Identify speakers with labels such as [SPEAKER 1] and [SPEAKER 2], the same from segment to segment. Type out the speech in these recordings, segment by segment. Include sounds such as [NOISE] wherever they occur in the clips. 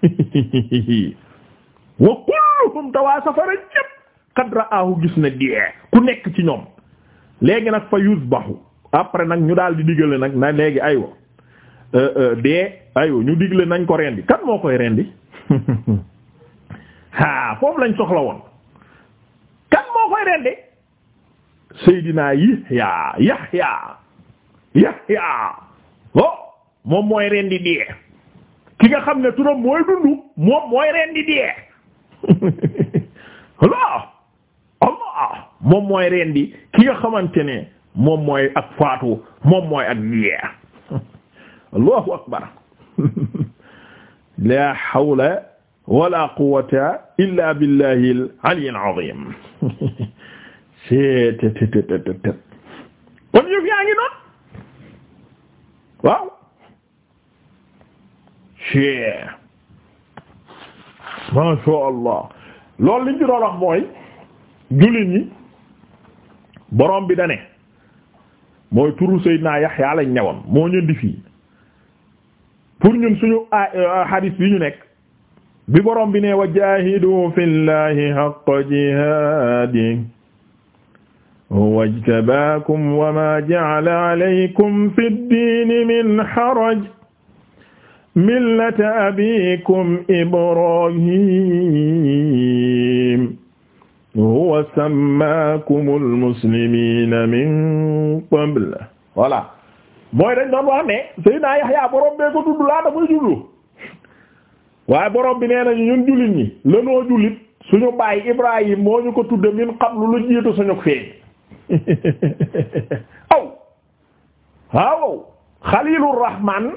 [SPEAKER 1] [LAUGHS] wa kulluhum tawaa safara ñépp qad ra'ahu gis na dee ku nekk ci ñoom léegi nag fa yuzbahu après nag ñu daal di digale nag na léegi aywa euh, euh, dee aywa ñu digle nañ ko rendi kan moo koy rendi [LAUGHS] foofu lañ soxla woon kan moo koy rendi Seydina Yahya Yahya Yahya oh moom mooy rendi dee ki nga xam ne turam mooy dundu moom mooy reen di dee [LAUGHS] Allah Allah moom mooy reen di ki nga xamante ne moom mooy ak faatu moom mooy ak dee [LAUGHS] Allahu akbar [LAUGHS] la hawla wala quwwata illa billahi al-aliyyil azim kon yëf yaa ngi noonu waaw masha allah loolu liñ ci doon wax mooy jullit ñi borom bi dane mooy turu Seydina Yaxya lañ ñëwoon moo ñun di fii pour ñun suñu ah, euh, hadis bi ñu nekk bi borom bi ne wa jaahidu fillahi haqqa jihaadi huwa ijtabaakum wa ma ja'ala alaykum fid diini min haraj millata abikum ibrahim huwa sammakumul muslimina min qabl voilà mooy dañ doon wax ne Seydina Yahya borom bee ko tudd laa dafay jullu waaye borom bi nee nañu ñun jullit ñi lanoo jullit suñu baay Ibrahim moo ñu ko tudde min qablu lu jiitu suñu feeñ [LAUGHS] aw waaw xalilur rahman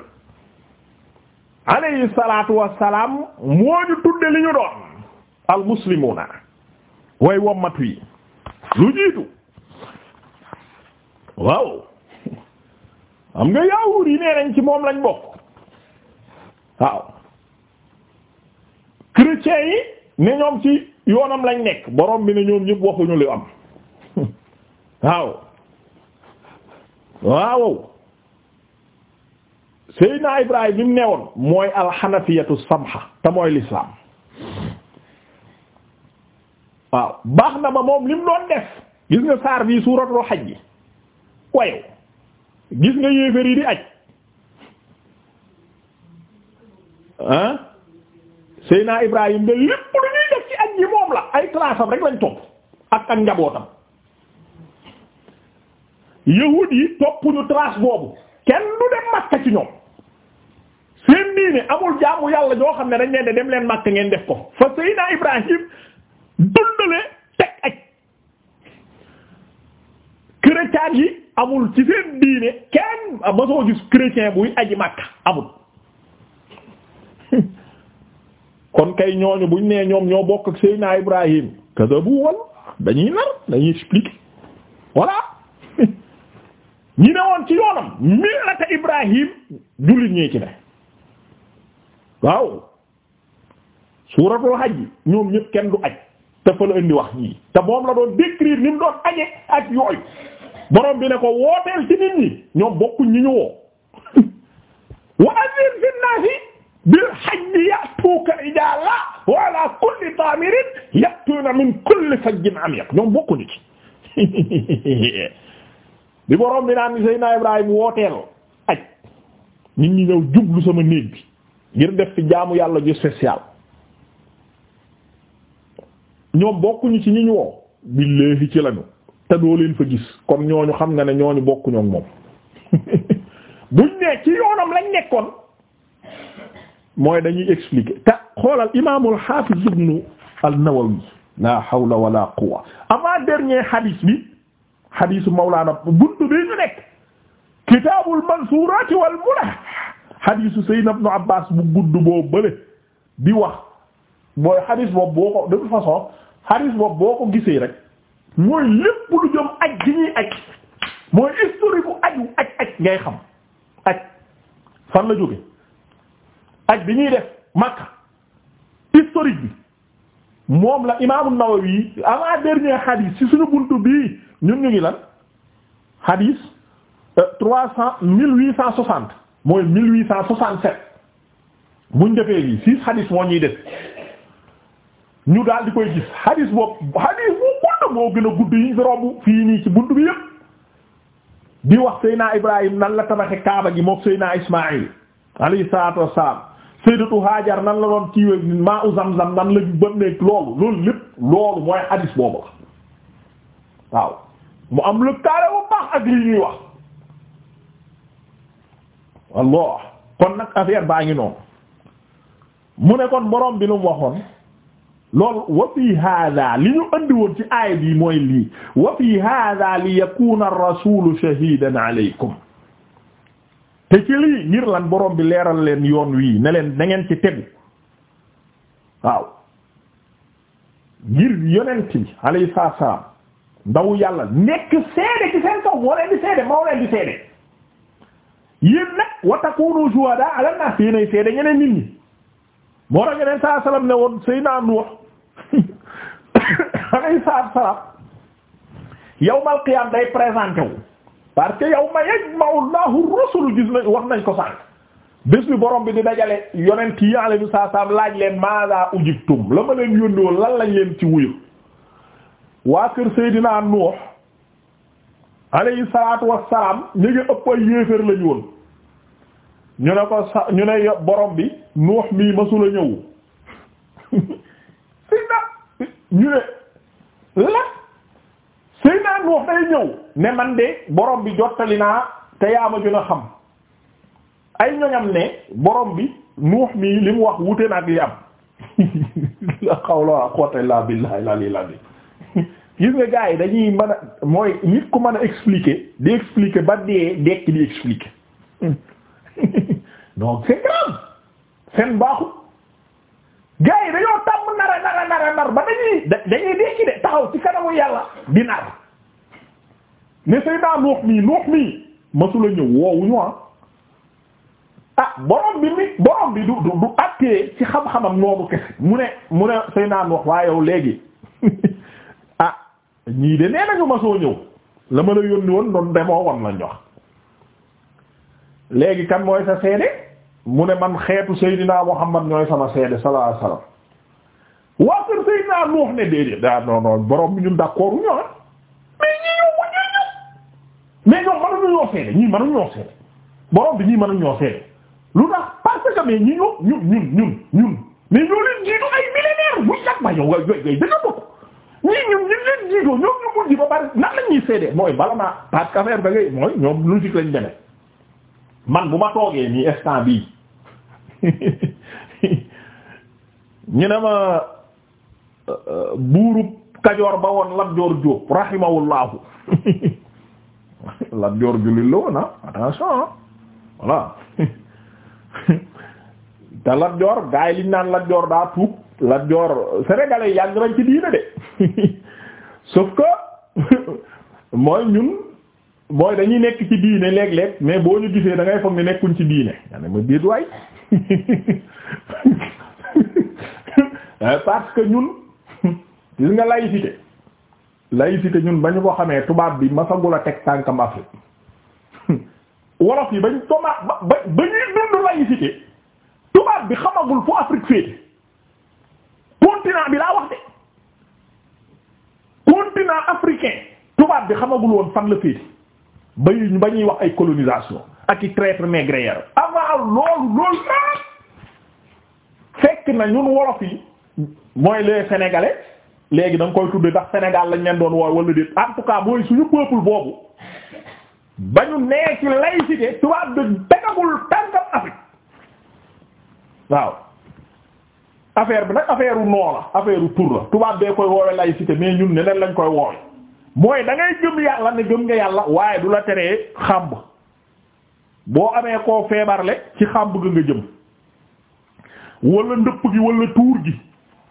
[SPEAKER 1] alayhi salaatu wassalaam moo ñu tudde li ñu doon al muslimuna way wommatu yi lu jiitu waaw xam nga yaawuur yi nee nañ ci moom lañ bokk waaw chrétiens yi ne ñoom ci yoonam lañ nekk borom bi ne ñoom ñëpp waxuñu li am [LAUGHS] waaw waaw Seydina Ibrahim bi mu newoon mooy alxanafiyatu samha te mooy lislaam waaw baax na ba moom li mu doon def gis nga saar bii suuratul xaj ji wayow gis nga yéefér yi di aj ah Seydina Ibrahim da lépp lu ñuy def ci aj ji moom la ay traçam rek lañ topp ak ak njabootam yahuud yi toppuñu trace boobu kenn du dem Makka ci ñoom diine amul jaamu yàlla joo xam ne dañ leen de dem leen màkk ngeen def ko fa Seydina Ibrahim dundale teg ak chrétien yi amul ci seen diine kenn ba soo gis buy aji màkk amul kon kay ñooñu buñ nee ñoom ñoo bokk ak Seydina Ibrahim kasabu wal dañuy nar dañuy expliquer voilà [LAUGHS] ñi woon ci yoonam millata Ibrahim jullit ñee ne waaw suuratul hajj ñoom ñëpp kenn du aj te fa la wax yii te moom la doon décrire ni doon aje ak yooyu borom bi ne ko wooteel ci nit ñi ñoom bokkuñ ñi ñu woo wa azir fi nnaasi bil hajji ya'tuuka rijaala wa ala kulli daamirin ya'tuuna min kulli fajjin amiiq ñoom bokkuñu ci bi borom bi naan Seydina Ibrahima wooteel aj nit ñi ñëw jublu sama néeg bi ngir def fi jaamu yàlla ju spécial ñoom bokkuñu ci ñi ñu woo billaahi ci lañu te doo leen fa gis kon ñooñu xam nga ne ñooñu bokkuñu ak moom [LAUGHS] buñ ne ci yoonam lañ nekkoon mooy dañuy expliquer te xoolal imaamul xaafiz ibnu an-Nawawi la hawla wala quwwa avant dernier hadith bi hadithu mawlaana buntu bi ñu nekk kitaabul mansuuraati wal mulah xadiisu Sayyidina Ibnu Abbaas bu gudd boo bële di wax booy xadiis boobu boo ko de façon xadiis boobu boo ko gisee rek mooy lépp lu jëm aj gi ñuy aj mooy historique bu aju aj aj ngay xam aj fan la jóge aj bi ñuy def Makka historique bi moom la imaamu Nawawi avant dernier xadiis ci suñu buntu bii ñun ñu ngi lan xadiis euh, trois cent mille huit cent soixante mooy mille huit cent soixante-sept buñ defee lii six hadis moo ñuy def ñu daal di koy gis hadis boobu hadis bu gudd moo gën a gudd yi romb fii nii ci bunt bi yëpp di wax Seyna Ibrahim nan la tabaxe Kaaba gi mook Seyna Ismaïl alayhi salaatu wassalaam Sayyidatu Hajar nan la doon kiiwe maa u Zamzam nan la bën nekk loolu loolu lépp loolu mooy hadis boobu la waaw mu am lu kaale bu baax ak lii ñuy wax allah kon nag affaire baa ngi noonu mu ne kon borom bi lu mu waxoon loolu wa fii hada li ñu andi woon ci aaya bi mooy lii wa fii hada li yakuna ar-rasulu shahidan te ci lii ngir lan borom bi leeral leen yoon wii ne leen da ngeen ci tegu waaw ngir yonent bi salaam ndaw yàlla nekk seede ci kaw moo di seede moo leen di seede yéen nag wa takunu shuhada ala nas yéenay seede ñeneen nit ñi moo tax ñeneen saa salaam ne woon Seydina Nuux [COUGHS] alayhi salaam yawmal qiyaam day présenté wu parce que yawma yajma'u Allahu rusul gis nañ wax nañ ko sànq bés bi borom bi di dajale yonent yi alayhi salaam laaj leen maaza ujibtum la ma leen yónni woon lan lañ leen ci wuyu waa kër Seydina Nuux alayhi salaatu wassalaam ñu ngi ëpp ay yéeféer lañu woon ñu ne ko sa ñu ne borom bi nuux mii masula ñëw [LAUGHS] Seydina ñu ne la Seydina nuux day ñëw ne man de borom bi jottali naa te yaa ma gën xam ay ñoñam ne borom bi nuux mii li mu wax wute nag li am [LAUGHS] la xawla quwwata illa billahi la li la bi gis nga gars yi dañuy mën a mooy nit ko mën a expliquer di expliquer ba dee dekk di expliquer [LAUGHS] donc c'est grave seen baaxu gars yi dañoo tàmm nara nara nara nar ba dañuy dañuy dekki de taxaw ci kanamu yàlla di nar ne say naa noox mii noox mii masula ñëw woowuñu ah ah borom bi mi borom bi du du du àttee ci xam-xamam noomu kese mu ne mu ne say naa noox waa yow léegi [LAUGHS] ñii de nee nañu ma soo ñëw la ma la yónni woon doon demoo won lañ wax léegi kan mooy sa seede mu ne man xeetu Seydina Muhammad ñooy sama seede sallallahu alayhi wasallam waa kër Seydina Nuux ne déedéet daa non non borom bi ñun d'accord ñoo ah mais ñi ñëw mu ñëw ñëw mais ñoom mënuñu ñoo seede ñii mënuñu ñoo seede borom bi ñii mënuñu ñoo seede lu tax parce que mais ñi ñëw ñun ñun ñun ñun mais ñoo leen jiitu ay millénaires bu ñàkk ma yow nga joy joy jiitoo ñoom ñu mujj ba bari nan lañuy seedee mooy bala maa parce que affaire da ngay mooy ñoom logique lañ demee man bu ma toogee nii instant bii [LAUGHS] ñu ne ma euh, euh, buurub kajoor ba woon Lat Joor Jóob rahimahullahu [LAUGHS] Lat Joor jullit la woon ah, attention ah, voilà [LAUGHS] te Lat Joor gaa yi liñ naan Lat Joor daa tuub Lat Joor sénégalais yàgg nañ ci diina de sauf que [LAUGHS] mooy ñun mooy dañuy nekk ci diine léeg-léeg mais boo ñu gisee da ngay foog ni nekkuñ ci diine nga ne ma biir waay [LAUGHS] euh, parce que ñun gis nga laïcité laïcité ñun ba ñu ko xamee tubaab bi masagul a teg tànkam Afrique [LAUGHS] wolof yi bañ tomaa ba ba ba ñuy dund laïcité tubaab bi xamagul fu Afrique féete continent bi laa wax continent africain tubaab bi xamagul woon fan la féete ba ñu ba ñuy wax ay colonisation ak i traître négrière avant loolu loolu fekk na ñun wolof yi mooy les sénégalais léegi da koy tuddee ndax Sénégal lañ leen doon wooy wala déet en tout cas mooy suñu peuple boobu ba ñu nee ci laïcité tubaab bi dëggagul tànkam Afrique waaw affaire bi nag affaire u noo la affaire u tur la tubaab bee koy woowe laïcité mais ñun neneen lañ koy woowe mooy da jëm yàlla ne gëm nga yàlla waaye du la teree xàmb boo amee koo feebarle ci xàmb ga nga jëm wala ndëpp gi wala tuur gi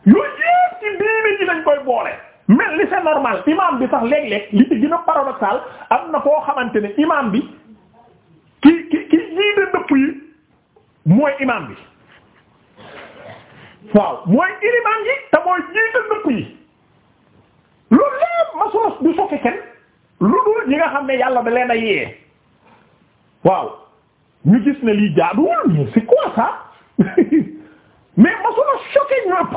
[SPEAKER 1] yooyu yépp ci diine ji lañ koy boole mel ni c'est normal imam bi sax léeg-léeg li ci gën a paradoxal am na koo xamante ne imam bi ki ki ki jiite ndëpp yi mooy imam bi waaw mooy ilimaan yi te mooy jiite nëpp yi loolu lépp masoos du sokke kenn lu dul ñi nga xam ne yàlla ba leen a yee waaw ñu gis ne lii jaaduwul mais c'est quoi ça [LAUGHS] mais masula choqué ñu ëpp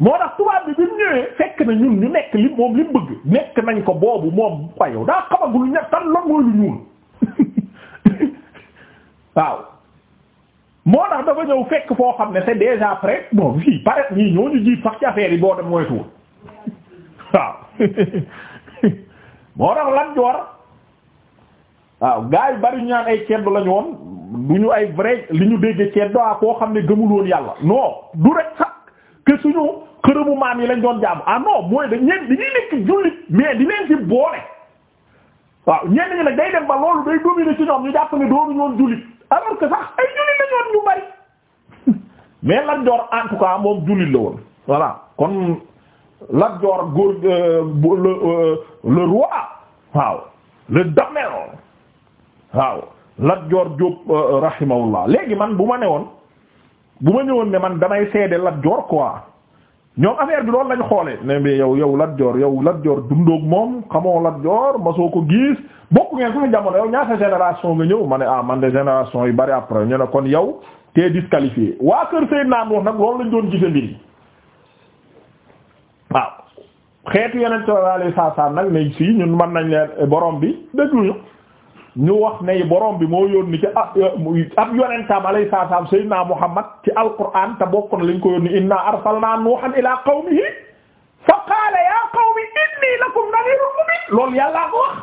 [SPEAKER 1] moo tax tubaab bi bi ñëwee fekk na ñun ñu nekk li moom li mu bëgg nekk nañ ko boobu moom wayow daa xamagul ñettan lan mooy lu ñuul [LAUGHS] waaw moo tax dafa ñëw fekk foo xam ne te déjà prêt bon fii pare ñii ñoo ñu jiit sax ci affaire yi boo dem moytuwul waaw moo tax lan joor waaw gaa yu bari ñaan ay ceddo lañu woon du ñu ay vrai li ñu dégg ceddo ah koo xam ne gëmul woon yàlla non du rek sax que suñu xërëmu maam yi lañ doon jaamu ah non mooy da ñeen dañuy nekk jullit mais di leen ci boole waaw ñenn ñi nag day dem ba loolu day dominer ci ñoom ñu jàpp ne doonu ñoon jullit alors que sax mais Lat Joor en tout cas moom jullit la woon voilà kon Lat Joor góor euh, le euh, le roi waaw le damel waaw Lat Joor Diop euh, léegi man bu ma ne woon bu ma ñëwoon ne man damay seede Lat Joor quoi ñoom affaire bi loolu lañu xoolee ne mais yow yow Lat Joor yow Lat Joor dundoog moom xamoo Lat Joor masoo ko gis bokk ngeen suñu jamono yow ñaata génération nga ñëw ma ne ah man de génération yu bari après ñu ne kon yow t'es disqualifié waa kër Seydina Nuux nag loolu lañ doon gise mbiri waaw xeetu yeneen sallallahu alayhi wasallam nag ne si ñun mën nañ leen borom bi dégluñu ñu wax ne borom bi moo yónni ci euh, ab yonentam alayhi salaam sayyidina Muhammad ci alquran te bokk na lañ ko yónni inna arsalna nuuhan ila qawmihi fa ya qawmi inni lakum nadhirun mubin loolu yàllaa ko wax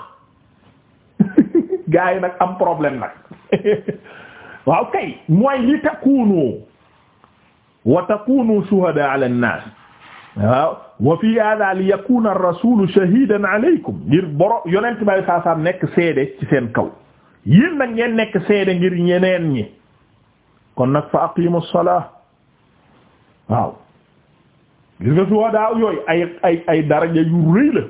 [SPEAKER 1] [LAUGHS] gaa yi nag am problème nag [LAUGHS] waaw kay mooy li takunu wa takunu ala an waaw wa fii hada li yakuna ar-rasulu shahidan alaykum ngir boro yonent bay saasaam nekk seede ci seen kaw yéen nag ngeen nekk seede ngir ñeneen ñi kon nag fa aqimu as-salah waaw gis ay daraja yu rëy la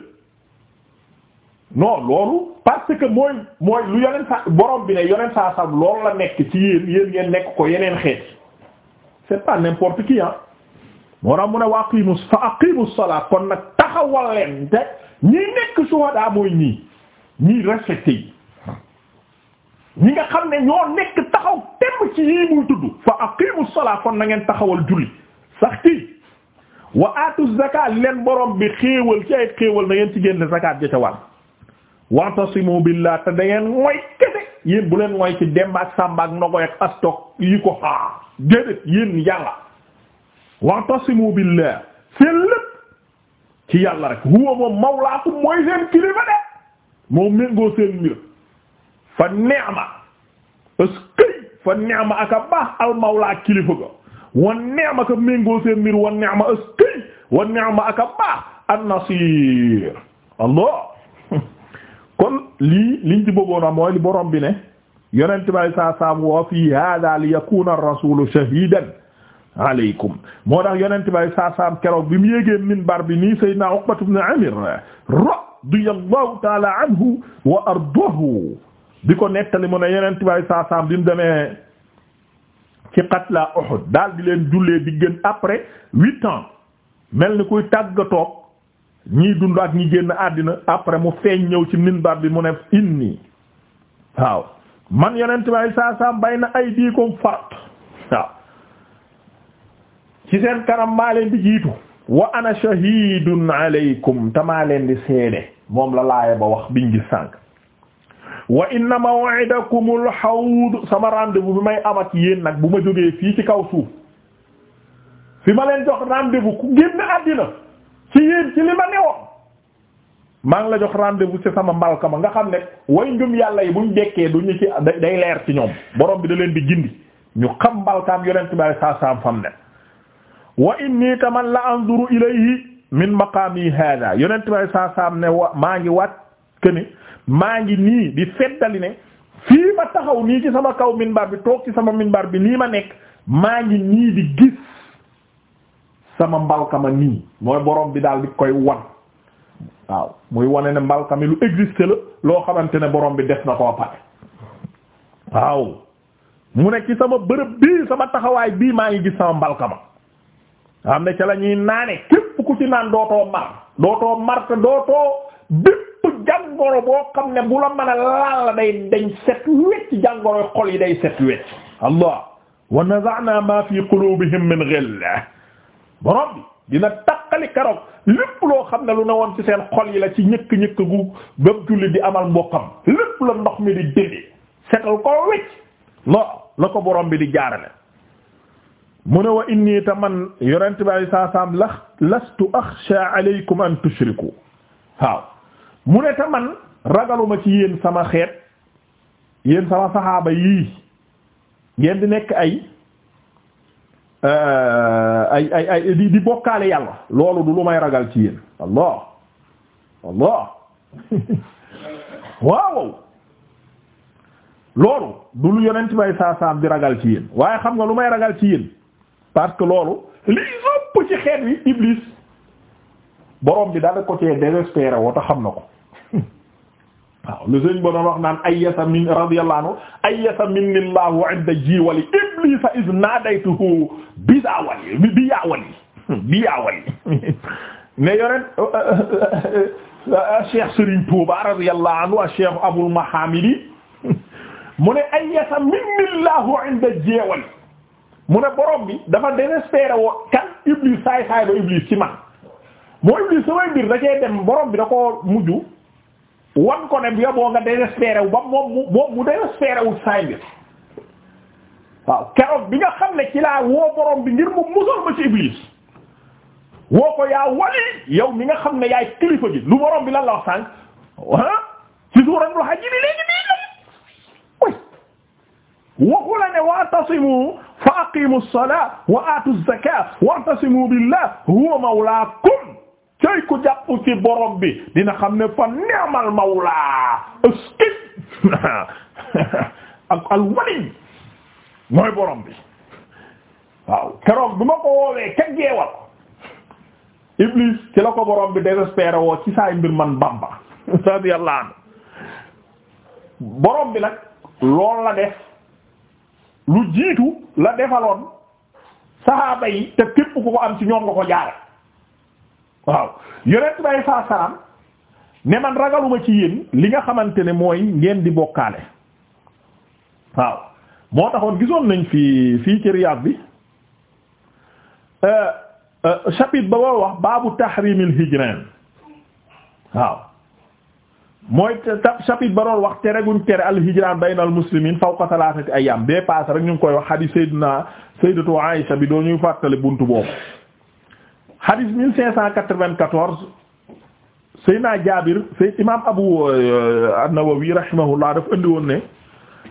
[SPEAKER 1] loolu parce mooy lu yoneen sa borom bi ne yoneen saa la nekk ci yéen yéen nekk ko yeneen xeet c'est pas n'importe qui ah moo tax ne wa aqimu fa aqimu salaat kon nag taxawal leen te ñi nekk shuhada mooy ñii ñii respecté yi ñi nga xam ne ñoo nekk taxaw temm ci yii muy tudd fa aqimu salaat kon na taxawal julli sax ci wa aatu leen borom bi xéewal ci ay xéewal na ngeen ci génne zakat ja ca war wa'tasimu billah te da ngeen kese yéen bu leen mooy ci demb ak sàmb ak nogoy ak astok yi ko xaa déedéet yéen yàlla wa'tasimu billah seen lépp ci yàlla rek huwa moom mawlaakum mooy seen kilifa de moo méngoo seen mbir fa ni'ma eskay fa ni'ma aka baax al mawlaa kilifa ga wa ni'ma ka méngoo seen mbir wa ni'ma eskay wa ni'ma aka baax an-nasiir allah [LAUGHS] kon lii liñ ci bëggoona mooy li borom bi ne yonent bay saa saam wa fi hada li yakuna ar-rasulu shahidan aleykum moo tax yonent bay saasaam keroog bi mu yéegee minbar bi nii sayyidina Uqbatu ibn Amir radiyallahu taala anhu wa ardahu di ko nettali mu ne yonent bay saasaam bi mu demee ci qatla Uhud daal leen jullee di gën après huit ans mel ni kuy tàggatoog ñiy dund ak ñi génn àddina après mu feeñ ñëw ci minbar bi mu ne inni waaw man yonent saasaam bay na ay diikom farat waaw ci seen kanam maa leen di jiitu wa ana shahidun alaykum te maa leen di seede moom la laaya ba wax biñ gis sànq wa inna maw'idakumul hawd sama rendez-vous bi may am ak yéen nag bu ma jógee fii ci kaw suuf fi ma leen jox rendez-vous ku génn àddina ci yéen ci li ma newoon maa ngi la jox rendez-vous ci sama mbalka ma nga xam ne way ngëm yàlla yi buñ dekkee duñu ci day leer ci ñoom borom bi da leen di gindi ñu xam mbalkaam yonent bi sallallahu alayhi fam ne wa inni taman la anzuru ilayhi min maqami hada yonent bay saa saam ne maa ngi waat que ne maa ngi nii di feddali ne fii ma taxaw nii ci sama kaw minbar bi toog ci sama minbar bi nii ma nekk maa ngi nii di sama mbalka ma nii mooy borom bi daal di koy wan waaw muy wane ne mbalka mi lu existe la loo xamante ne borom bi def na koo pare waaw mu nekk ci sama bërëb bii sama taxawaay bii maa ngi gis sama mbalka ma am ne ca la ñuy naane képp ku ci naan dootoo mar dootoo mar te dootoo bépp jàngoro boo xam ne bu la mën a laal la day dañ set wecc jàngoro xol yi day set wecc allah wa naza'na ma fi qulubihim min ghill borom bi dina takkali keroog lépp loo xam ne lu ne woon ci seen xol yi la ci ñëkk ñëkk gu bépp julli di amal mbokkam lépp la ndox mi di dindi setal ko wecc lo la ko borom bi di jaarale mu ne wa inni te man yonent bi alei saa salaam la lastu axsha alaykum an tushriku waaw mu ne te man ragaluma ci yéen sama xeet yéen sama saxaaba yii ngeen di nekk euh, ay ay ay di di bokkaale yàlla loolu du lu may ragal ci yéen allah allah [LAUGHS] waaw loolu du lu yonent bi alei di ragal ci yéen waaye xam nga lu may ragal ci yéen parce que loolu li ëpp ci xeet wi Iblis borom bi dala ko cee désespéré woo te xam na ko [LAUGHS] waaw lu sëñ ba doon wax naan ayyasa min radiyallahu anhu ayyasa minillahu inda jiwali iblisa is nadaytuhu bisa wali bi yaa wali [LAUGHS] bi yaa wali [LAUGHS] ne yoneen euh, euh, euh, Cheikh Serigne Touba radiyallahu anhu wa Cheikh Abul Mahamidi mu ne ayyasa minillahu inda jiwali mu ne borom bi dafa désespéré woo kan iblis saay saay ba iblis ci man moo iblis samay mbir da dem borom bi da koo mujj wan ko ne bi boo nga désespéré ba moom mu moom mu désespéré saay mbir waaw keroog bi nga xam ne ci laa woo borom bi ngir mu musal ma ci iblis woo ko yaa wali yow mi nga xam ne yaay kilifa gi lu borom bi lan la wax sànq ah ci suuratul Hajj waxu la ne wa'tasimu fa aqimu as wa atu az-zakata wa'tasimu billahi huwa mawlaakum cay ku jàpp ci borom bi dina xam ne fa [LAUGHS] bi waaw keroog bi ma ko woowee ca geewal Iblis ci la ko borom bi désespéré ci saay mbir man Bamba [LAUGHS] radiyallahu anhu borom bi nag lool lu jiitu la defaloon saxaaba yi te képp ku ko am ci ñoom nga ko jaare waaw yonent bay saa salaam ne man ragaluma ci yéen li nga xamante ne mooy ngeen di bokkaale waaw moo taxoon gisoon nañ fii fii ci bi euh, euh, chapitre ba boo wax baabu tahrimil hijran waaw mooy chapitre ba doon wax tere guñ tere al hijraan baynal muslimiin fawqa salaasati ayyaam bee paase rek ñu ngi koy wax hadith Seydina Sayyidatu Aïsha bi doo ñuy fàttale buntu boobu. hadith 1594 Seydina Jaabir Seydina imaam Abu euh, an-Nawawi rahimahullah daf andi woon ne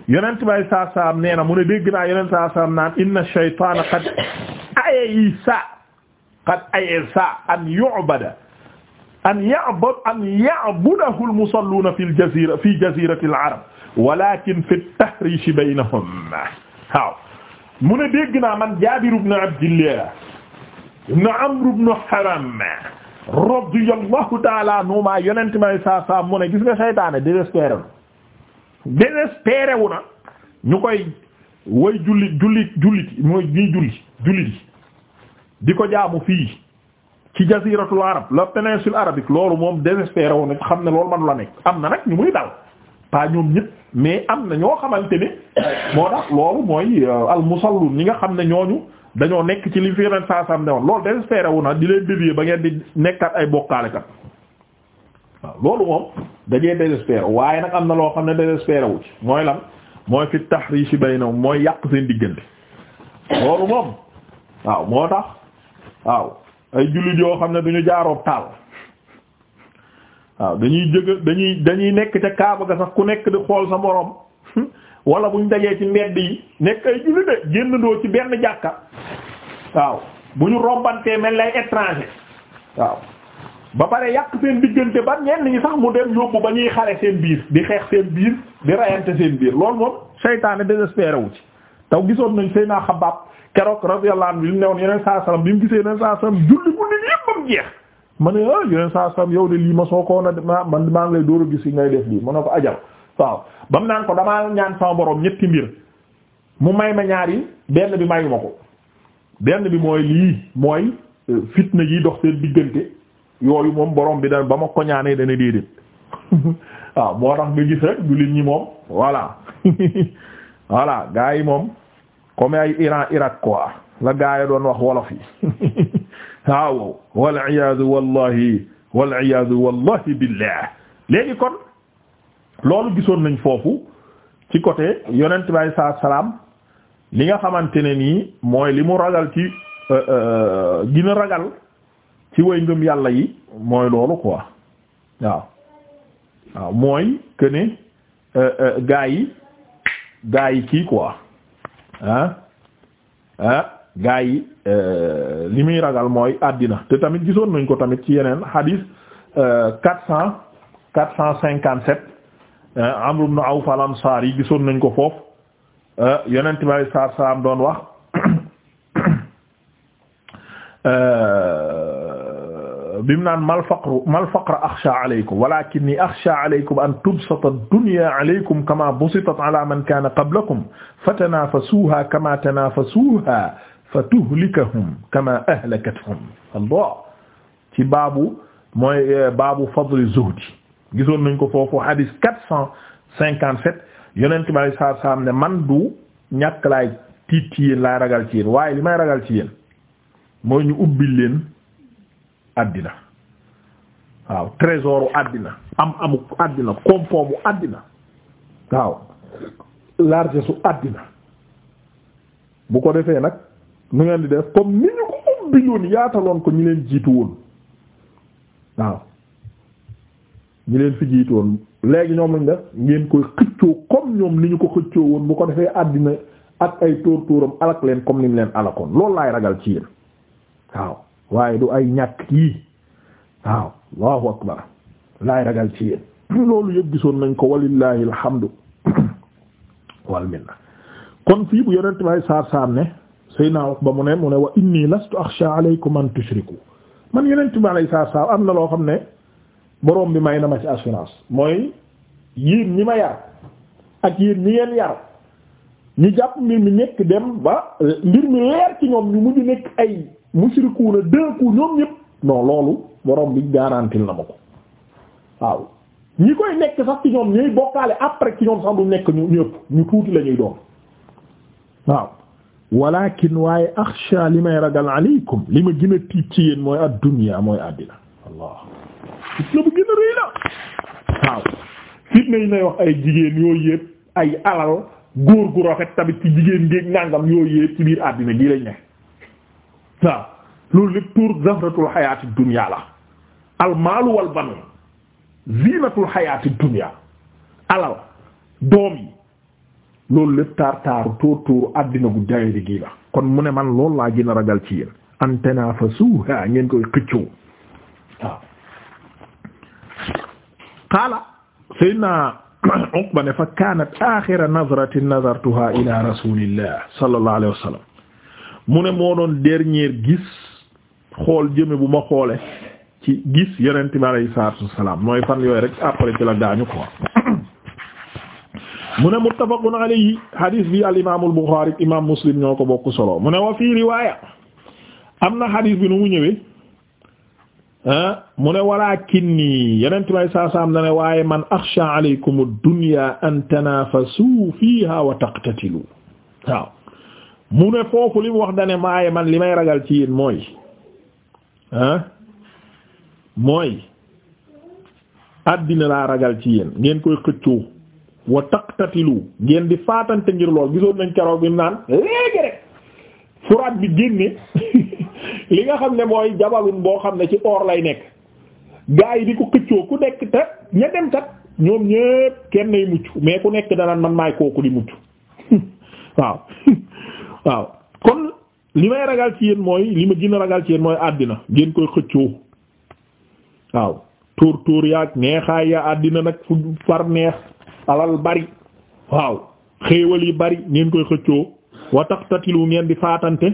[SPEAKER 1] yonent bi saa saam nee na mu ne dégg naa yonent saa saam naan inna shaytaana qad ayisa qad an ya'bud an ya'budahu al-musalluuna fi al-jazira fi jazirati al-arab walakin fi at-tahrish baynahum waaw mu ne dégg man Jaabir ibn Abdillah ibn Amr ibn Haram radiyallahu ta'ala anhuma yonent may saa saa mu ne gis nga seytaane wu na ñu koy way julli julli jullit di ko jaamu fii ci jaziratul arab la péninsule arabique loolu moom désespéré wu na xam ne loolu man la nekk am na nag ñu muy dal pas ñoom ñëpp mais am na ñoo xamante ne moo tax loolu mooy euh, almusallun ñi nga xam ne ñooñu dañoo nekk ci li fi yeneen saa ne woon loolu désespéré wu di leen dévier ba ngeen di nekkat ay bokkaalekat waaw loolu moom dajee désespéré waaye nag am na loo xam ne désespéré wu ci mooy lan mooy fi bay baynahum mooy yàq seen diggante loolu moom ay jullit yoo xam ne du ñu jaaroob taal waaw dañuy jëga dañuy dañuy nekk ca kaaba ga sax ku nekk di xool sa moroom [LAUGHS] wala buñ dajee ci mbedd yi nekk ay jullit de génnandoo ci benn jàkka waaw bu ñu rombantee mel lay étranger waaw ba pare yàq seen diggante ba ñenn ñi sax mu dem yóbbu ba ñuy xare seen biir di xeex seen biir di rayante seen biir loolu moom seytaane désespéré ci taw gisoon nañ sëy naa xabaab keroog radiyallahu anhu li newoon yeneen saa salaam bi mu gisee yeneen saa salaam julli mu nit yëpp bam jeex ma ne ah yeneen saa salaam yow de lii ma soo ko woon a ma man maa ngi lay door a gis ngay def lii ko ajal waaw ba mu naan ko damaa ñaan sama borom ñetti mbir mu may ma ñaar yi benn bi mayu ma ko benn bi mooy lii mooy euh, fitna yi dox seen diggante yooyu moom borom bi da ba ma ko ñaanee dana déedéet [LAUGHS] waaw moo tax nga gis rek jullit ñi moom voilà [LAUGHS] voilà gaa yi moom. comme ay Iran Irak quoi la gaa yi doon wax wolof yi [LAUGHS] waaw wal iyaadu wallahi wal iyaadu wallahi billah léegi kon loolu gisoon nañ foofu ci côté yonent bi alayhi salaam li nga xamante ne nii mooy li mu ragal ci euh, euh, gina ragal ci way ngëm yàlla yi mooy loolu quoi waaw waaw mooy que ne euh, gaa yi gaa yi kii quoi. ah ah gaa yi euh, li muy ragal mooy àddina te tamit gisoon nañ ko tamit ci yeneen hadith euh, quatre cent quatre cent cinquante sept Amr ibn Awf al-Ansari yi gisoon nañ ko foofu euh, yeneen bi sallallahu alayhi wasallam doon wax [COUGHS] bi mu naan mal faqru mal faqra axsha alaykum walakinni axsha alaykum an tubsata ad-dunya alaykum kama ala man kana qablakum fatanafasuha kama tanafasuha fatuhlikahum kama ahlakathum Allah ci baabu mooy eh, baabu fadli nañ ko foofu hadis quatre cent cinquante sept yonent bi alayhi salaatu ne man du ñàkk laay tiit ci yéen laay ragal ci waaye li ragal ci àddina waaw trésoru àddina am amu àddina koom-koomu àddina waaw largesse su àddina bu ko defee nag nu ngeen di def comme ni ñu ko ubbi yaataloon ko ñi leen jiitu woon waaw ñi leen fi jiitu léegi ñoom lañ def ngeen koy xëccoo comme ñoom ni ñu ko xëccoo woon bu ko defee àddina ak ay tóor tóoram alak leen comme ni mu leen alakoon loolu laay ragal ci waaw waaye du ay ñàkk yii waaw allahu akbar laay ragal ci yéen [CLEARS THROAT] loolu yëpp gisoon nañ ko walillahi alhamdu [CLEARS THROAT] wal minna kon fii bu yonent bay saar saar ne sayna wax ba mu ne mu ne wa inni lastu akhsha alaykum an tushriku man yonent bi alay saar saar am na loo xam ne borom bi may na ma ci assurance mooy yéen ñi ma yar ak yéen ñi ngeen yar ñu jàpp mbir mi nekk dem ba mbir mi leer ci ñoom ñu mujj nekk ay musrikuuna deux coups ñoom ñëpp non loolu borom bi garantil na ma ko waaw ñi koy nekk sax ci ñoom ñooy bokkaale après ci ñoom sax du nekk ñu ñëpp ñu tuuti la ñuy doon waaw walakin waaye axsha li may ragal aleykum li ma gën a tiit ci yéen mooy ad-dunya mooy àddina allah waaw fitna yi nay wax ay jigéen yooyu yëpp ay alal góor gu rafet tamit ci jigéen ngéeg nàngam yooyu yëpp ci biir àddina gi lañ ne waaw loolu lépp tuur zahratul xayaati dunya la almaalu wal banuun ziinatul xayaati dunya alal doom yi loolu lépp taar taaru tuur tuuru àddina gu jayri gi kon mu ne man loolu laa gën ragal ci yéen an tanafasuha ngeen ko xëccoo waaw qaala sayyidina Uqba ne fa kaanat aaxira nazratin nazartuha ila rasulillah sallallahu alayhi wa sallam mu ne moo doon dernier gis xool jëme bu ma xoole ci gis yonent bi alayhi salaatu wassalaam mooy fan yooyu rek après ci la gaañu quoi [COUGHS] mu ne muttafaqun alayhi hadith bi al imaamul Buxaari imaam Muslim ñoo ko bokk solo mu ne wa fii riwaaya am na hadith bi nu mu ñëwee ah, mu ne walaakinni yonent bi alayhi salaatu wassalaam na ne waaye man axsha alaykum ad-dunya an tanafasu fiha wa taqtatilu waaw mu ne foofu li mu wax dane maaye man li may ragal ci yéen mooy ah mooy àddina laa ragal ci yéen ngeen koy xëccoo wa taqtatilu ngeen di faatante ngir lool gisoon nañ keroog bi mu naan léegi rek furaat bi génne [LAUGHS] li nga xam ne mooy jabalun boo xam ne ci or lay nekk gaa yi di ko xëccoo ku nekk te ña dem kat ñoom ñépp kenn nay mucc mais ku nekk danaan man maay kooku di mucc [LAUGHS] waaw [LAUGHS] waaw kon li may ragal ci yéen mooy li ma gën ragal ci yéen mooy àddina ngeen koy xëccoo waaw tuur tuur yaag neexaay ya àddina nag fu far neex alal bari waaw xéewal yi bari ngeen koy xëccoo wa taqtatilu ngeen di faatante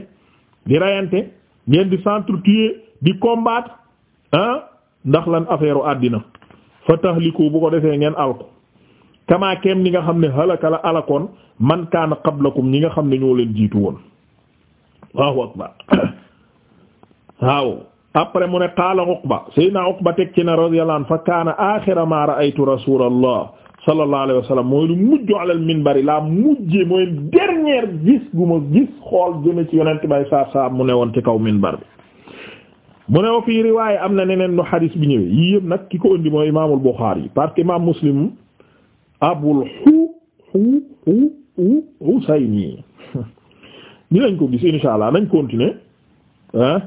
[SPEAKER 1] di rayante ngeen di centre s'entretuer di combattre ah ndax lan affaire u àddina fa tahliku bu ko defee ngeen alko kamaa keem ñi nga xam ne halaka la alakoon man kaana qablakum ñi nga xam ne ñoo leen jiitu woon Allahu akbar [COUGHS] waaw après mu ne qaala Uqba sayyidina Uqba teg ci ne radiyallahu anhu fa kaana aaxira maa ra'aytu rasuulallah sallallahu alayhi wa mooy lu mujj ala al laa mujjee mooy dernière gis gu ma gis xool jëme ci yonent bay saab saab mu ne woon ci kaw minbar bi mu ne wa fii riwaaya am na neneen nu xadiis bi ñëwee yii yëpp nag ki ko indi mooy imaamul Buxaari abul xu xu xu xu Husayni dinañ [LAUGHS] ko gis insha allah nañ continuer ah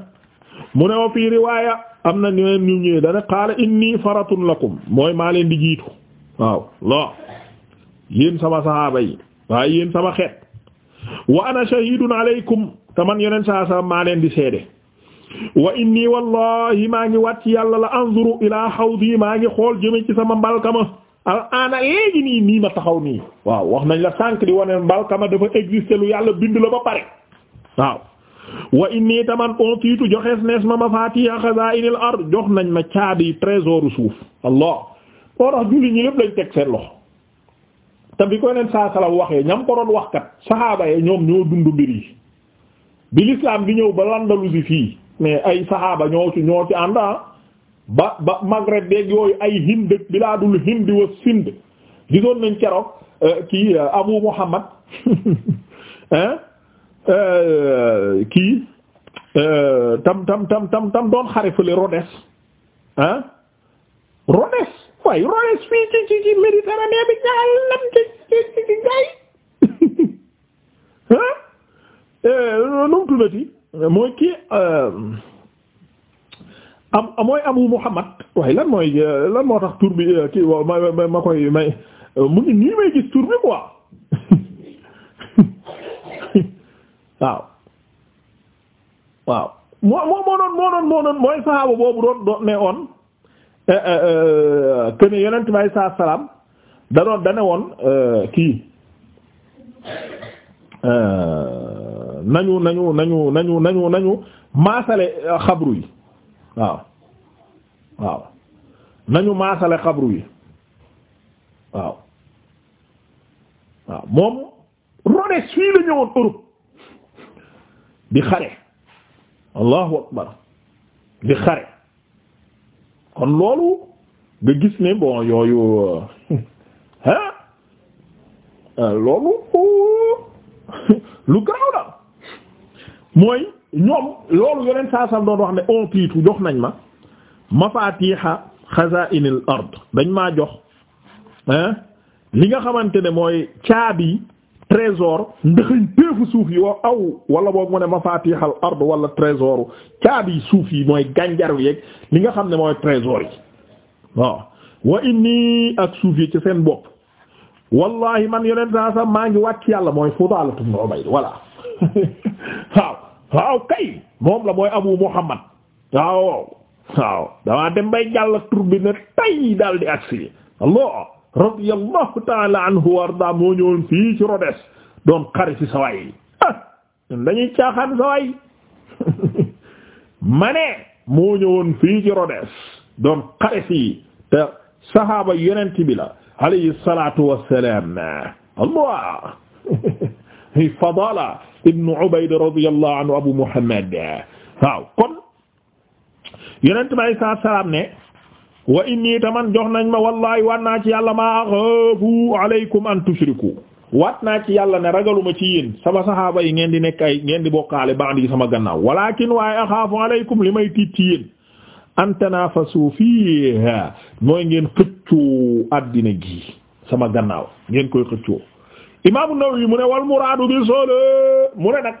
[SPEAKER 1] mu ne wa fii riwaaya am na ñeneen ñu ñëwee dana qaala inni faratun lakum mooy maa leen di jiitu waaw lo yéen sama sahaaba yi waaye yéen sama xeet wa ana shahidun alaykum taman yeneen saa saa maa leen di seede wa inni wallahi maa ngi wàcc yàlla la anzuru ilaa xawdi maa ngi xool jëme ci sama mbalkama al ah, ana léegi nii nii ma taxaw nii waaw wax nañ la sànq di wane mbalkama dafa exister lu yàlla bind la ba pare waaw wa inni taman utiitu joxees nees ma mafaatiha xazaa'inil ard jox nañ ma caabi trésoru suuf allah boo tax julli ñi lépp lañ teg seen loxo te bi ko neen saa waxee ñam ko doon wax kat saxaaba yi ñoom ñoo dund mbir yi bi lislaam di ñëw ba landalusi fii mais ay saxaaba ñoo ci ñoo ci ànd ah. ba ba Maghreb beeg yooyu ay Hind bilaadul Hind wa Sind gisoon nañ keroog euh, kii euh, Abu Muhammad [LAUGHS] euh, kii tam tam tam tam tam doon xare fële Rhodes ah waaye Rhodes fii ci ci ci Méditerranée bi ñaar lam ci ci ci ci gaay ah [LAUGHS] nu mu tuddati mooy kii. am mooy Abu Muhammad waaye lan mooy lan moo tax tur bi kii ma ma koy may mu ngi nii may gis tur bi quoi [LAUGHS] waaw waaw moo moo moo doon moo doon moo doon mooy saxaaba boobu doon doon ne woon eh, eh, eh, que ne yonent bi alayhi salaam da doon da woon kii nañu nañu nañu nañu nañu nañu maasale xabru yi. waaw waaw nañu maasale xabru yi waaw waaw moom Rhodes fii la ñëwoon Europe di xare allahu akbar di xare kon loolu nga gis ne bon yooyu ah [LAUGHS] loolu [LAUGHS] lu garaw la mooy ñoom loolu yeneen saa sam doon wax ne ontiitu jox nañ ma mafatiha xazainil ard dañ maa jox hein li nga xamante ne mooy caabi trésor ndaxañ téefu suuf yi woo aw wala boog mu ne mafatihal ard wala trésor caabi suuf yi mooy gànjar yeeg li nga xam ne mooy trésor yi waaw wa inni ak suuf yi ci seen bopp wallahi man yonent saa sam maa ngi wàcc yàlla mooy Fudaalat ibn Ubayd voilà [LAUGHS] waaw waaw kay moom la mooy abu muhammad waaw waaw damaa dem bay jàll tur bi ne tay daal di agsi allah radiyallahu taala anhu wa arda moo ñëwoon fii doon xari ci ah ñun caaxaan sawaay [LAUGHS] ma ne moo ñëwoon fii ci Rhodes doon xari ci te sahaaba yonent bi allah [LAUGHS] Fadala ibn Ubayd radiyallahu anhu Abu Muhammad waaw kon yonent bi alayhi salaatu salaam ne wa inni taman jox nañ ma wallahi waat naa ci yàlla maa xaafu alaykum an tushriku waat naa ci yàlla ne ragaluma ci yéen sama saxaaba yi ngeen di nekk ay ngeen di bokkaale ba'di yi sama gannaaw walakin waaye axaafu alaykum li may tiit ci yéen an tanafasu fiiha mooy ngeen xëccoo àddina gi sama gannaaw ngeen koy xëccoo Imaam An-Nawawi mu ne wal muraadu bi solo mu ne nag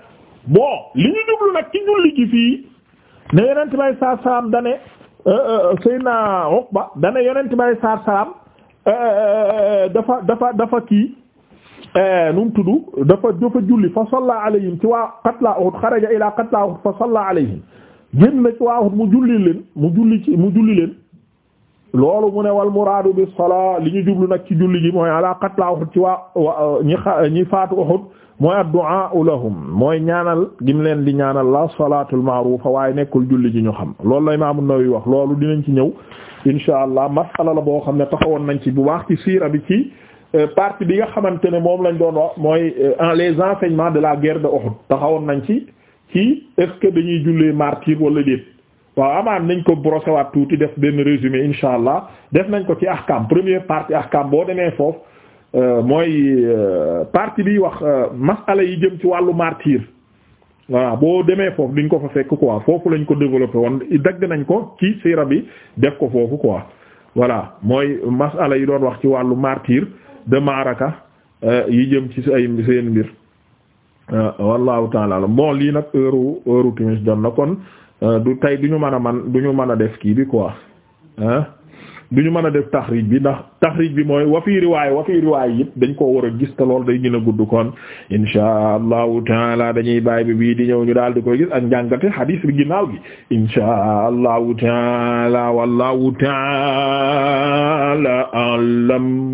[SPEAKER 1] bon li ñu jublu nag ci julli gi fii ne yonent bay saa salaam da ne euh, euh, Seyna Uqba da ne yonent bay saa salaam euh, dafa dafa dafa kii nu mu tudd dafa dafa julli fa salla alayhim ci waa qatlaa Uhud xaraja ilaa qatlaa Uhud fa salla alayhim génn na ci waa Uhud mu julli leen mu julli ci mu julli leen. loolu mu ne wal muraadu bi salaa li ñu jublu nag ci julli ji mooy ala qatla Uhud ci waa ñi xa ñi faatu Uhud mooy addu'a lahum mooy ñaanal gim leen di ñaanal la salaatul ma'rufa waaye nekkul julli ji ñu xam loolu la Imaam An-Nawawi wax loolu dinañ ci ñëw insha allah masala la boo xam ne taxawoon nañ ci bu baax ci siira bi ci euh, partie bi nga xamante ne moom lañ doon wax mooy euh, en les enseignements de la guerre de Uhud taxawoon nañ ci ci est-ce que dañuy jullee martyr wala déet. waaw amaan nañ ko brosser waat tuuti def benn résumé insha allah def nañ ko ci ahkam première partie ahkam boo demee foofu euh, mooy euh, partie bi wax euh, masala yi jëm ci wàllu martyr voilà boo demee foofu diñ ko fa fekk quoi foofu lañ ko développé woon dagg nañ ko ci sira bi def ko foofu quoi voilà mooy masala yi doon wax ci wàllu martyr de maraka yi jëm ci ay seen mbir wallahu taala bon lii nag heure heure timis jot na kon Euh, du tey duñu ñu mën a man duñu ñu mën a def kii bi quoi ah du ñu mën a def taxrij bi ndax taxrij bi mooy wa fii riwaay wa fii riwaay yëpp dañ koo war a gis te loolu day gën a gudd kon insha allahu taala dañuy bàyyi bi bii di ñëw ñu daal di koy gis ak njàngate xadiis bi ginnaaw gi insha allahu taala wallahu taala alam